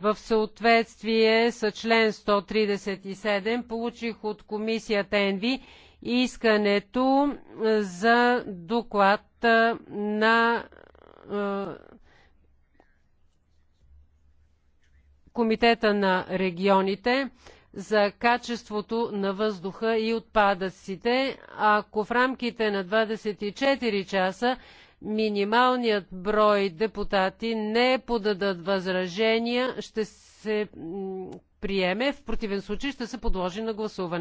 в съответствие с член 137 получих от комисията ЕНВИ искането за доклад на Комитета на регионите за качеството на въздуха и отпадъците. Ако в рамките на 24 часа минималният брой депутати не подадат възражения, ще се приеме. В противен случай ще се подложи на гласуване.